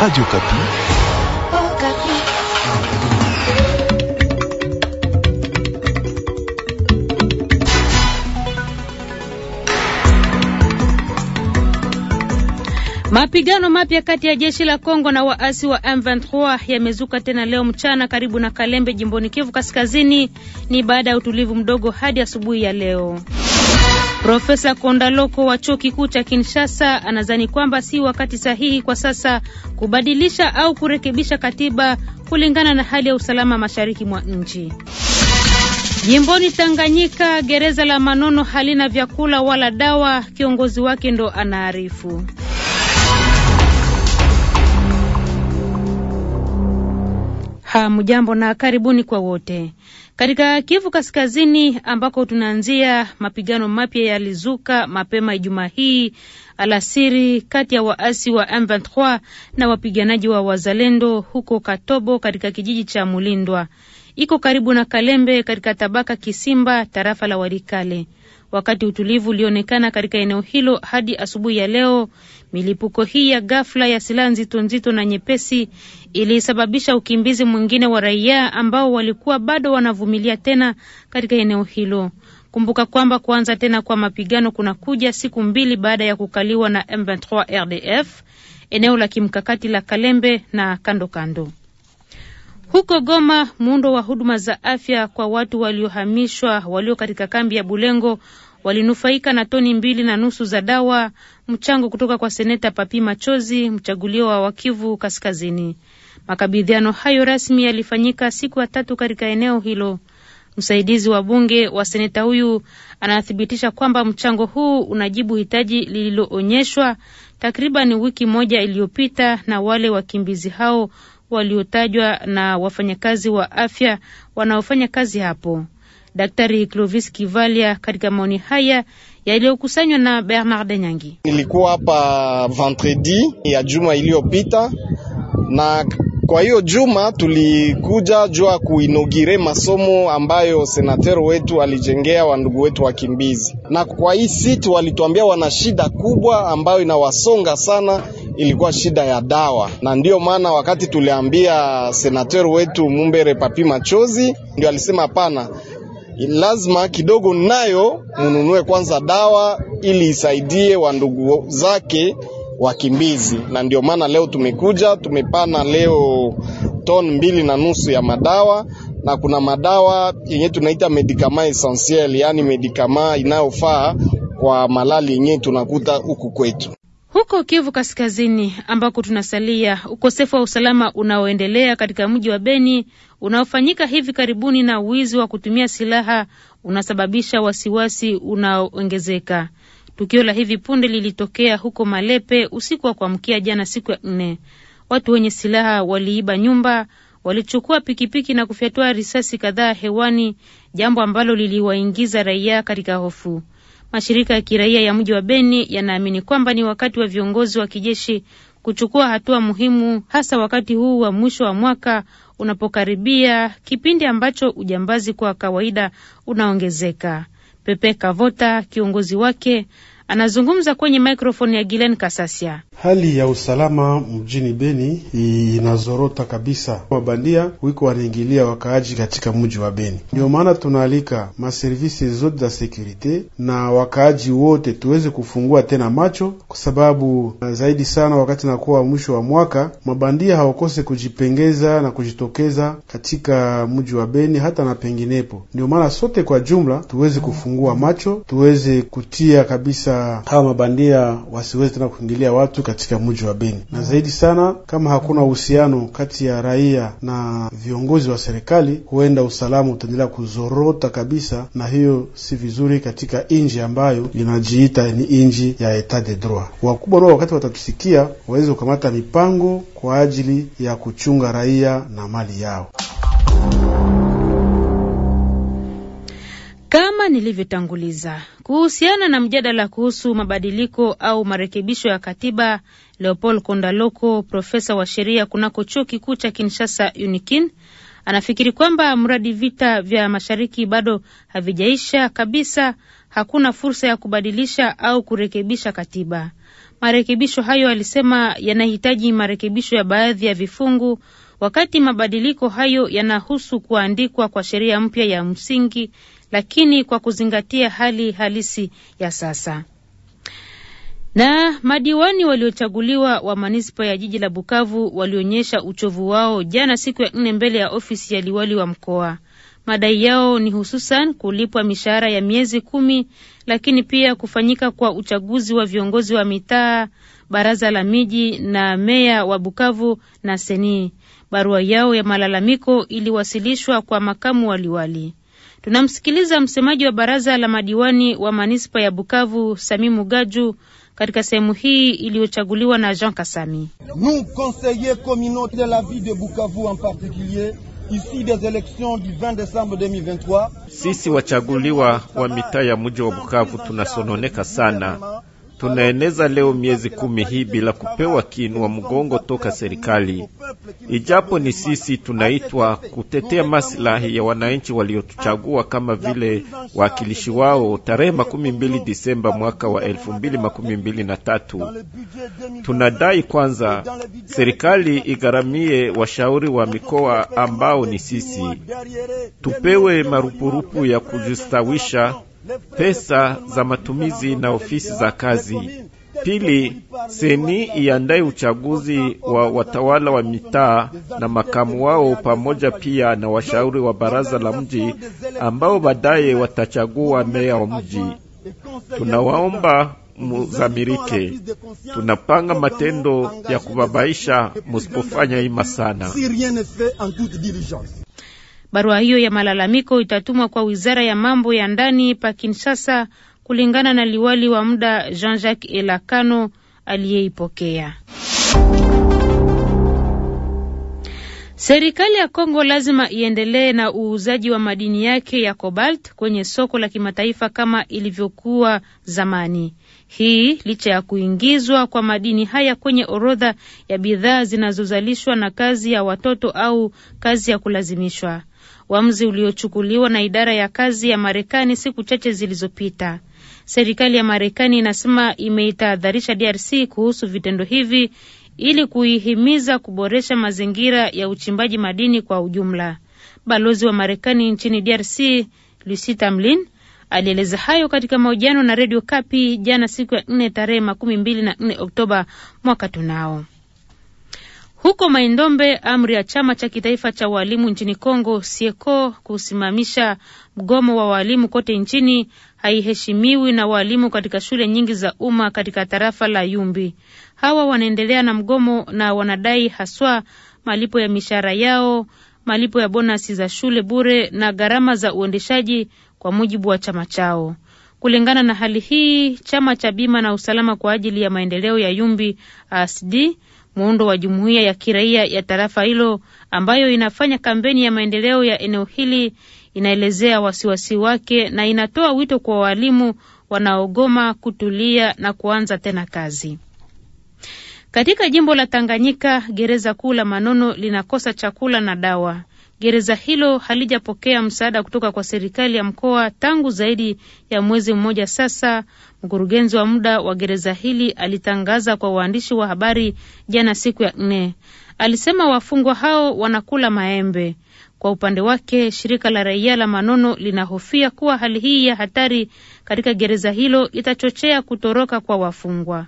Radio Kapi. Oh, Kapi. Mapigano mapya kati ya jeshi la Kongo na waasi wa M23 yamezuka tena leo mchana karibu na Kalembe jimboni Kivu Kaskazini ni baada ya utulivu mdogo hadi asubuhi ya leo. Profesa Kondaloko wa chuo kikuu cha Kinshasa anadhani kwamba si wakati sahihi kwa sasa kubadilisha au kurekebisha katiba kulingana na hali ya usalama mashariki mwa nchi. Jimboni Tanganyika, gereza la Manono halina vyakula wala dawa, kiongozi wake ndo anaarifu. Hamjambo na karibuni kwa wote. Katika Kivu Kaskazini ambako tunaanzia, mapigano mapya yalizuka mapema Ijumaa hii alasiri kati ya waasi wa M23 na wapiganaji wa Wazalendo huko Katobo katika kijiji cha Mulindwa iko karibu na Kalembe katika tabaka Kisimba, tarafa la Walikale. Wakati utulivu ulionekana katika eneo hilo hadi asubuhi ya leo, milipuko hii ya ghafla ya silaha nzito nzito na nyepesi ilisababisha ukimbizi mwingine wa raia ambao walikuwa bado wanavumilia tena katika eneo hilo. Kumbuka kwamba kuanza tena kwa mapigano kunakuja siku mbili baada ya kukaliwa na M23 RDF eneo la kimkakati la Kalembe na kando kando. Huko Goma, muundo wa huduma za afya kwa watu waliohamishwa walio katika kambi ya Bulengo walinufaika na toni mbili na nusu za dawa, mchango kutoka kwa seneta Papi Machozi, mchaguliwa wa Kivu Kaskazini. Makabidhiano hayo rasmi yalifanyika siku ya tatu katika eneo hilo. Msaidizi wa bunge wa seneta huyu anathibitisha kwamba mchango huu unajibu hitaji lililoonyeshwa takriban wiki moja iliyopita na wale wakimbizi hao waliotajwa na wafanyakazi wa afya wanaofanya kazi hapo. Daktari Clovis Kivalia katika maoni haya yaliyokusanywa na Bernard Nyangi. Nilikuwa hapa vendredi ya juma iliyopita, na kwa hiyo juma tulikuja jua kuinogire masomo ambayo senateri wetu alijengea wandugu wetu wakimbizi, na kwa hii situ walituambia wana shida kubwa ambayo inawasonga sana ilikuwa shida ya dawa, na ndiyo maana wakati tuliambia senateur wetu Mumbere Papi Machozi, ndio alisema hapana, lazima kidogo nayo mununue kwanza dawa ili isaidie wandugu zake wakimbizi, na ndio maana leo tumekuja tumepana leo ton mbili na nusu ya madawa na kuna madawa yenye tunaita medikama essentiel, yaani medikama inayofaa kwa malali yenye tunakuta huku kwetu. Huko Kivu Kaskazini ambako tunasalia, ukosefu wa usalama unaoendelea katika mji wa Beni unaofanyika hivi karibuni na wizi wa kutumia silaha unasababisha wasiwasi unaoongezeka. Tukio la hivi punde lilitokea huko Malepe usiku wa kuamkia jana, siku ya nne. Watu wenye silaha waliiba nyumba, walichukua pikipiki na kufyatua risasi kadhaa hewani, jambo ambalo liliwaingiza raia katika hofu. Mashirika ya kiraia ya mji wa Beni yanaamini kwamba ni wakati wa viongozi wa kijeshi kuchukua hatua muhimu, hasa wakati huu wa mwisho wa mwaka unapokaribia, kipindi ambacho ujambazi kwa kawaida unaongezeka. Pepe Kavota, kiongozi wake Anazungumza kwenye mikrofoni ya Gilen Kasasia. Hali ya usalama mjini Beni inazorota kabisa, mabandia wiko wanaingilia wakaaji katika mji wa Beni. Ndio maana tunaalika maservisi zote za sekurite na wakaaji wote tuweze kufungua tena macho, kwa sababu zaidi sana wakati nakuwa mwisho wa mwaka, mabandia hawakose kujipengeza na kujitokeza katika mji wa Beni hata na penginepo. Ndio maana sote kwa jumla tuweze kufungua macho, tuweze kutia kabisa hawa mabandia wasiwezi tena kuingilia watu katika mji wa Beni, na zaidi sana kama hakuna uhusiano kati ya raia na viongozi wa serikali, huenda usalama utaendelea kuzorota kabisa, na hiyo si vizuri katika nji ambayo inajiita ni nji ya etat de droit. Wakubwa nao wakati watatusikia, waweze kukamata mipango kwa ajili ya kuchunga raia na mali yao. Kama nilivyotanguliza kuhusiana na mjadala kuhusu mabadiliko au marekebisho ya katiba, Leopold Kondaloko, profesa wa sheria kunako chuo kikuu cha Kinshasa UNIKIN, anafikiri kwamba mradi vita vya mashariki bado havijaisha kabisa, hakuna fursa ya kubadilisha au kurekebisha katiba. Marekebisho hayo, alisema, yanahitaji marekebisho ya baadhi ya vifungu, wakati mabadiliko hayo yanahusu kuandikwa kwa sheria mpya ya msingi lakini kwa kuzingatia hali halisi ya sasa. Na madiwani waliochaguliwa wa manispa ya jiji la Bukavu walionyesha uchovu wao jana siku ya nne mbele ya ofisi ya liwali wa mkoa. Madai yao ni hususan kulipwa mishahara ya miezi kumi, lakini pia kufanyika kwa uchaguzi wa viongozi wa mitaa, baraza la miji na meya wa Bukavu na Seni. Barua yao ya malalamiko iliwasilishwa kwa makamu waliwali wali. Tunamsikiliza msemaji wa baraza la madiwani wa manispa ya Bukavu, sami mugaju katika sehemu hii iliyochaguliwa na Jean Kasami. de la ville de Bukavu en particulier ici des elections du 20 décembre 2023. Sisi wachaguliwa wa mitaa ya mji wa Bukavu tunasononeka sana tunaeneza leo miezi kumi hii bila kupewa kiinua mgongo toka serikali, ijapo ni sisi tunaitwa kutetea maslahi ya wananchi waliotuchagua kama vile waakilishi wao tarehe makumi mbili Disemba mwaka wa elfu mbili makumi mbili na tatu. Tunadai kwanza serikali igharamie washauri wa mikoa ambao ni sisi, tupewe marupurupu ya kujistawisha pesa za matumizi na ofisi za kazi. Pili, seni iandaye uchaguzi wa watawala wa mitaa na makamu wao pamoja pia na washauri wa baraza la mji ambao baadaye watachagua meya wa mji. Tunawaomba muzamirike, tunapanga matendo ya kubabaisha musipofanya ima sana. Barua hiyo ya malalamiko itatumwa kwa wizara ya mambo ya ndani pa Kinshasa, kulingana na liwali wa muda Jean Jacques Elakano aliyeipokea. Serikali ya Kongo lazima iendelee na uuzaji wa madini yake ya cobalt kwenye soko la kimataifa kama ilivyokuwa zamani. Hii licha ya kuingizwa kwa madini haya kwenye orodha ya bidhaa zinazozalishwa na kazi ya watoto au kazi ya kulazimishwa uamuzi uliochukuliwa na idara ya kazi ya Marekani siku chache zilizopita. Serikali ya Marekani inasema imeitahadharisha DRC kuhusu vitendo hivi ili kuihimiza kuboresha mazingira ya uchimbaji madini kwa ujumla. Balozi wa Marekani nchini DRC Lucy Tamlin alieleza hayo katika mahojiano na redio Kapi jana siku ya nne tarehe makumi mbili na nne Oktoba mwaka tunao. Huko Maindombe, amri ya chama cha kitaifa cha walimu nchini Kongo sieko kusimamisha mgomo wa walimu kote nchini haiheshimiwi na walimu katika shule nyingi za umma katika tarafa la Yumbi. Hawa wanaendelea na mgomo na wanadai haswa malipo ya mishahara yao, malipo ya bonasi za shule bure na gharama za uendeshaji, kwa mujibu wa chama chao. Kulingana na hali hii, chama cha bima na usalama kwa ajili ya maendeleo ya Yumbi ASD muundo wa jumuiya ya kiraia ya tarafa hilo ambayo inafanya kampeni ya maendeleo ya eneo hili inaelezea wasiwasi wake na inatoa wito kwa waalimu wanaogoma kutulia na kuanza tena kazi. Katika jimbo la Tanganyika, gereza kuu la Manono linakosa chakula na dawa. Gereza hilo halijapokea msaada kutoka kwa serikali ya mkoa tangu zaidi ya mwezi mmoja sasa. Mkurugenzi wa muda wa gereza hili alitangaza kwa waandishi wa habari jana, siku ya nne. Alisema wafungwa hao wanakula maembe. Kwa upande wake, shirika la raia la Manono linahofia kuwa hali hii ya hatari katika gereza hilo itachochea kutoroka kwa wafungwa.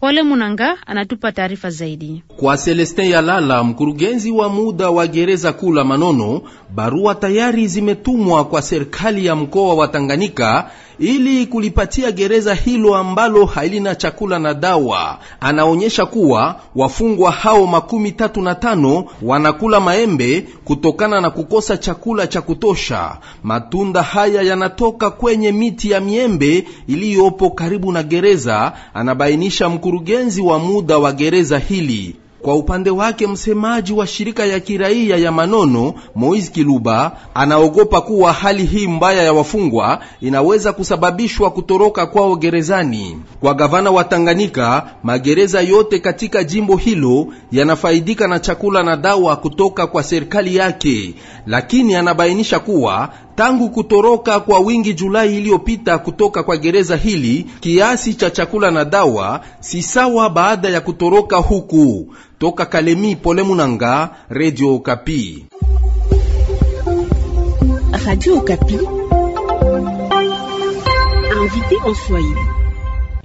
Pole Munanga anatupa taarifa zaidi. Kwa Celestin Yalala, mkurugenzi wa muda wa gereza kuu la Manono, barua tayari zimetumwa kwa serikali ya mkoa wa Tanganyika ili kulipatia gereza hilo ambalo halina chakula na dawa. Anaonyesha kuwa wafungwa hao makumi tatu na tano wanakula maembe kutokana na kukosa chakula cha kutosha. Matunda haya yanatoka kwenye miti ya miembe iliyopo karibu na gereza, anabainisha mkurugenzi wa muda wa gereza hili. Kwa upande wake msemaji wa shirika ya kiraia ya Manono, Moise Kiluba, anaogopa kuwa hali hii mbaya ya wafungwa inaweza kusababishwa kutoroka kwao gerezani. Kwa gavana wa Tanganyika, magereza yote katika jimbo hilo yanafaidika na chakula na dawa kutoka kwa serikali yake, lakini anabainisha kuwa Tangu kutoroka kwa wingi Julai iliyopita kutoka kwa gereza hili, kiasi cha chakula na dawa si sawa baada ya kutoroka huku. Toka Kalemi, Pole Munanga, Radio Kapi. Radio Kapi.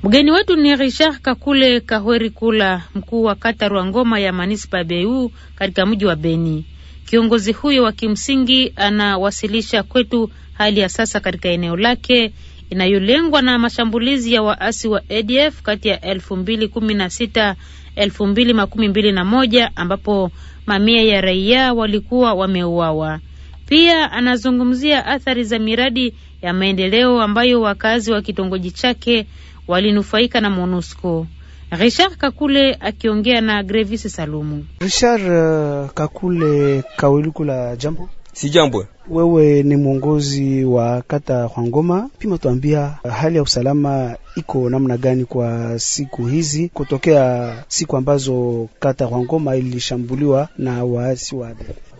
Mgeni wetu ni Richard Kakule Kahweri Kula, mkuu wa kata Rwangoma ya manispa Beu katika mji wa Beni. Kiongozi huyo wa kimsingi anawasilisha kwetu hali ya sasa katika eneo lake inayolengwa na mashambulizi ya waasi wa ADF kati ya elfu mbili kumi na sita elfu mbili makumi mbili na moja ambapo mamia ya raia walikuwa wameuawa. Pia anazungumzia athari za miradi ya maendeleo ambayo wakazi wa kitongoji chake walinufaika na MONUSCO. Richard Kakule akiongea na Grevis Salumu. Richard uh, Kakule Kawilikula, jambo. Si jambo. Wewe ni mwongozi wa kata Hwangoma, pima tuambia uh, hali ya usalama iko namna gani kwa siku hizi, kutokea siku ambazo kata Hwangoma ilishambuliwa na waasi wa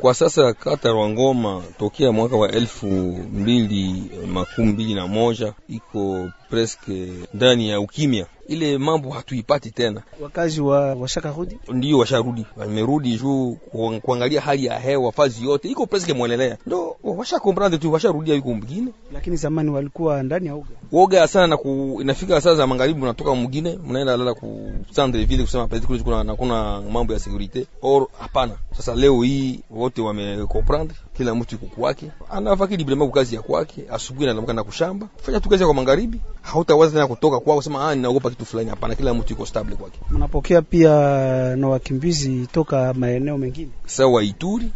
kwa sasa kata Rwangoma tokea mwaka wa elfu mbili makumi mbili na moja iko preske ndani ya ukimya ile mambo hatuipati tena. Wakazi wa washakarudi, ndio washarudi, wamerudi juu kuangalia hali ya hewa, fazi yote iko presque mwelelea, ndo washakomprendre tu, washarudia yuko mwingine. Lakini zamani walikuwa ndani ya uga uga sana na inafika saa za magharibi, mnatoka mwingine mnaenda lala ku centre ville kusema peut kule kuna kuna mambo ya securite or hapana. Sasa leo hii wote wamekomprendre, kila mtu yuko kwake, anafakiri bila mambo kazi ya kwake, asubuhi anaamka na kushamba, fanya tu kazi kwa magharibi hautawaza tena kutoka kwao kusema ah, ninaogopa kitu fulani. Hapana, kila mtu yuko stable kwake. Mnapokea pia na wakimbizi toka maeneo mengine sawa Ituri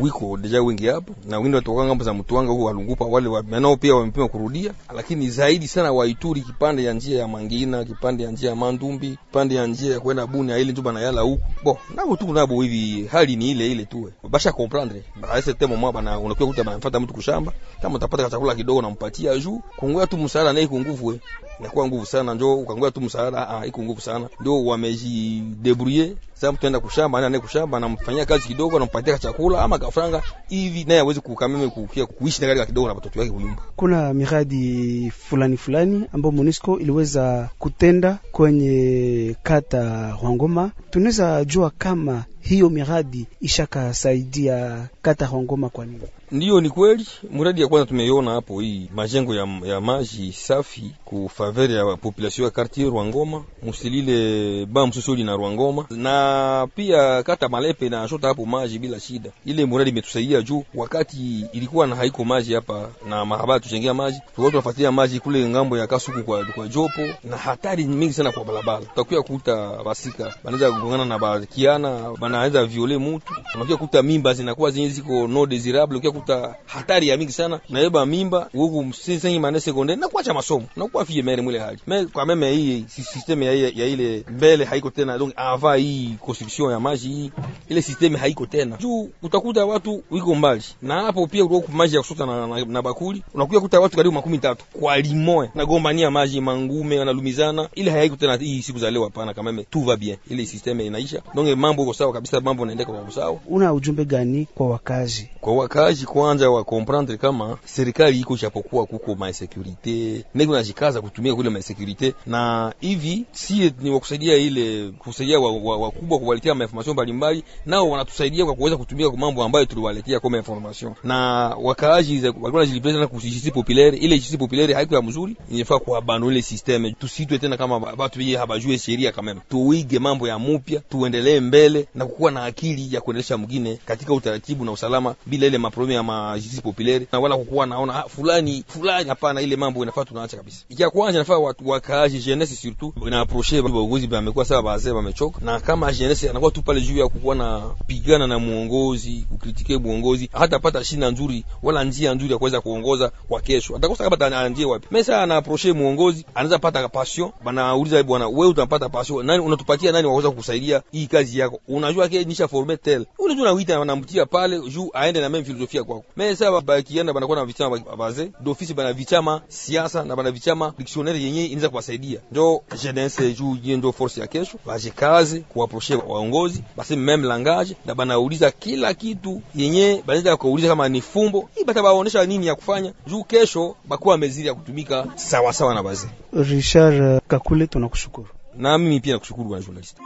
wiko deja wengi hapo na wengine watoka ngambo za Mtwanga huko Walungupa, wale wanao pia wamepima kurudia, lakini zaidi sana Waituri, kipande ya njia ya Mangina, kipande ya njia ya Mandumbi, kipande ya njia ya kwenda Buni ya ile njumba na yala huko bo nabo tuko nabo hivi, hali ni ile ile tu, basha comprendre basi temo mwa bana, unakuwa kuta mfata mtu kushamba, kama utapata chakula kidogo nampatia juu kungoya tu msaada naye kunguvu wewe inakuwa nguvu sana, njo ukangoja tu msaada. Ah, ah iko nguvu sana, ndio wamejidebrouiller. Sasa mtu anaenda kushamba, anaye kushamba, anamfanyia kazi kidogo, anampatia chakula ama kafranga hivi, naye aweze kukameme kukia kuishi na gari kidogo na watoto wake kunyumba. Kuna miradi fulani fulani ambayo Monisco iliweza kutenda kwenye kata Rwangoma, tunaweza jua kama hiyo miradi ishakasaidia kata Rwangoma kwa nini? Ndiyo, ni kweli mradi ya kwanza tumeiona hapo, hii majengo ya, ya maji safi ku faveur ya population ya quartier Rwangoma musilile ba msusuli na Rwangoma na pia kata Malepe na shota hapo maji bila shida. Ile mradi imetusaidia juu wakati ilikuwa na haiko maji hapa na mahabara tuchengea maji, tulikuwa tunafuatilia maji kule ngambo ya Kasuku kwa, kwa jopo na hatari mingi sana kwa barabara. Utakuwa kuta basika banaweza kugongana na bakiana, banaweza viole mtu, unakuwa kuta mimba zinakuwa zenye ziko no desirable unakuta hatari ya mingi sana, unabeba mimba huku msisengi mane sekonde na kuacha masomo na kuwa fie mere mwile hali me kwa meme hii si system ya, ya ile mbele haiko tena, donc ava hii construction ya maji hii ile system haiko tena juu utakuta watu wiko mbali na hapo, pia uko maji ya kusota na, na, na bakuli unakuja kuta watu karibu makumi tatu kwa limoe na gombania maji mangume wanalumizana, ile haiko tena hii siku za leo. Hapana, kama meme tuva bien ile system inaisha, donc mambo iko sawa kabisa, mambo yanaendeka kwa sawa. Una ujumbe gani kwa wakazi, kwa wakazi kwanza wa comprendre kama serikali iko japokuwa kuko ma insécurité security na jikaza kutumia kule ma insécurité na hivi si ni wa kusaidia ile kusaidia wakubwa wa, wa kuwaletea ma information mbalimbali, nao wanatusaidia kwa kuweza kutumia kwa mambo ambayo tuliwaletea kwa information, na wakaaji walikuwa na wanajilipeleza na kujisi populaire. Ile jisi populaire haiko ya mzuri, inafaa kwa banu ile systeme. Tusitwe tena kama watu wenyewe habajue sheria, kama tuige mambo ya mupya, tuendelee mbele na kukuwa na akili ya kuendelesha mwingine katika utaratibu na usalama bila ile maproblem maneno ya majisi populaire na wala kukuwa naona ah, fulani fulani. Hapana, ile mambo inafaa tunaacha kabisa. Ya kwanza inafaa watu wakaaji jeunesse surtout ina approcher ba viongozi bamekuwa sawa, bazee mechoka na kama jeunesse anakuwa tu pale juu ya kukuwa na pigana na muongozi, kukritike muongozi, hata pata shina nzuri wala njia nzuri ya kuweza kuongoza kwa kesho, atakosa kama anjie wapi. Mesa ana approcher muongozi, anaweza pata passion, banauliza bwana, wewe utapata passion nani, unatupatia nani waweza kukusaidia hii kazi yako? Unajua ke nisha former tel, ule tu na wita na mtia pale juu aende na mimi filosofia kuingia kwako mesa bakienda banakuwa na vichama baze d'office, bana vichama siasa na bana vichama dictionnaire yenye inaweza kuwasaidia. Ndio jeunesse juu yenye force ya kesho, baje kazi kuwaproche waongozi basi meme langage na banauliza kila kitu yenye banaweza kuuliza, kama ni fumbo hii batabaonesha nini ya kufanya juu kesho bakuwa mezili ya kutumika sawa sawa na baze. Richard Kakule, tunakushukuru. Na mimi pia nakushukuru bwana journalist.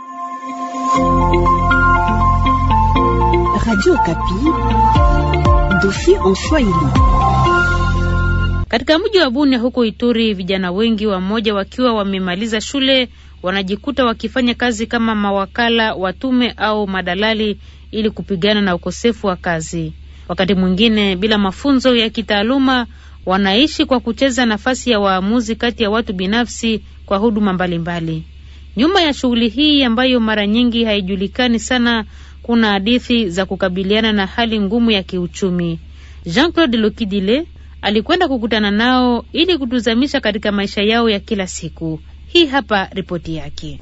Radio Kapi, dofi en Swahili. Katika mji wa Bunia huko Ituri, vijana wengi wamoja wakiwa wamemaliza shule wanajikuta wakifanya kazi kama mawakala watume au madalali ili kupigana na ukosefu wa kazi. Wakati mwingine bila mafunzo ya kitaaluma, wanaishi kwa kucheza nafasi ya waamuzi kati ya watu binafsi kwa huduma mbalimbali. Nyuma ya shughuli hii ambayo mara nyingi haijulikani sana, kuna hadithi za kukabiliana na hali ngumu ya kiuchumi. Jean-Claude Lokidile alikwenda kukutana nao ili kutuzamisha katika maisha yao ya kila siku. Hii hapa ripoti yake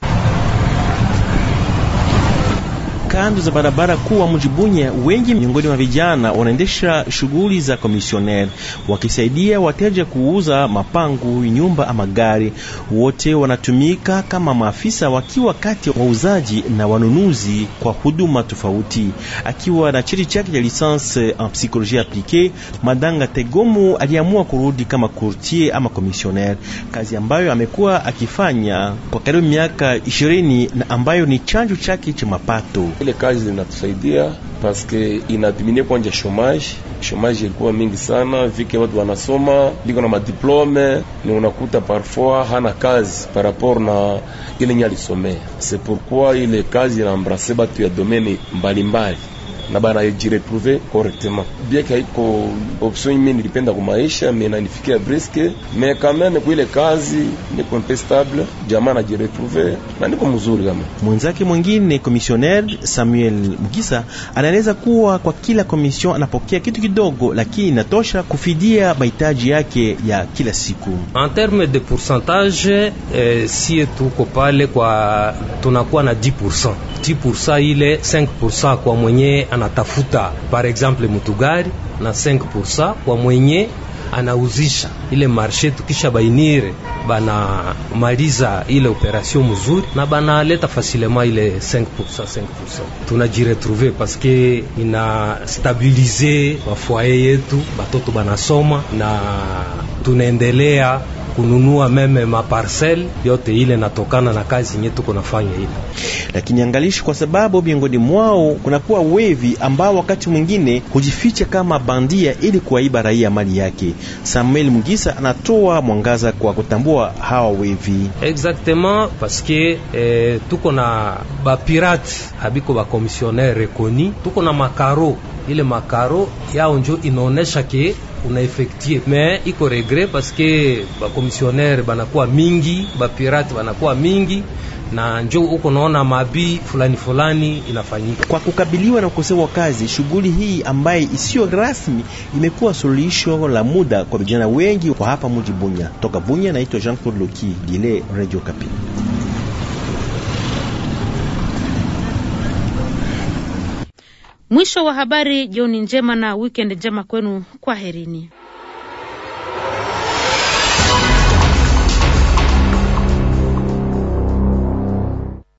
kando za barabara kuu wa mji Bunya, wengi miongoni mwa vijana wanaendesha shughuli za komisioneri wakisaidia wateja kuuza mapangu, nyumba ama gari. Wote wanatumika kama maafisa wakiwa kati wauzaji na wanunuzi kwa huduma tofauti. Akiwa na cheti chake cha licence en psychologie appliquee, Madanga Tegomu aliamua kurudi kama courtier ama komisioneri, kazi ambayo amekuwa akifanya kwa karibu miaka ishirini na ambayo ni chanjo chake cha mapato ile kazi linatusaidia paske inadiminie kwanja shomage Chomage ilikuwa mingi sana vike watu wanasoma liko na madiplome, ni unakuta parfois hana kazi par rapport na ile nyalisomea. C'est pourquoi ile kazi inaambrase batu ya domeni mbalimbali mbali na bana jiretrouve correctement bien que haiko option ime nilipenda kumaisha me nanifikia briske me kameme kuile kazi niko mpe stable jamaa najiretrouve na niko mzuri. Kama mwenzake mwingine komisioner Samuel Mugisa anaeleza kuwa kwa kila komision anapokea kitu kidogo, lakini inatosha kufidia mahitaji yake ya kila siku. En terme de pourcentage eh, sie tuko pale kwa tunakuwa na 10%, 10% ile 5% kwa mwenye anatafuta par exemple mutugari na 5% kwa mwenye anauzisha ile marshe, tukisha bainire banamaliza ile operation mzuri na banaleta fasilema ile 5%, 5%. Tunajiretrouve paske inastabilize bafoye yetu, batoto banasoma na tunaendelea kununua meme maparcel yote ile natokana na kazi yenye tuko nafanya ile. Lakini angalishi, kwa sababu miongoni mwao kunakuwa wevi ambao wakati mwingine hujificha kama bandia ili kuwaiba raia mali yake. Samuel Mugisa anatoa mwangaza kwa kutambua hawa wevi exactement que eh, tuko na bapirate habiko bakomisionere rekoni, tuko na makaro ile makaro yao njo inaonesha ke unaefektie me iko regre paske bakomisionere banakuwa mingi, bapirate banakuwa mingi na njo uko naona mabi fulani fulani inafanyika. Kwa kukabiliwa na ukosefu wa kazi, shughuli hii ambaye isiyo rasmi imekuwa suluhisho la muda kwa vijana wengi kwa hapa mji Bunya. Toka Bunya, naitwa Jean Claude Loki Dile, Radio Kapi. Mwisho wa habari. Jioni njema na wikendi njema kwenu, kwaherini.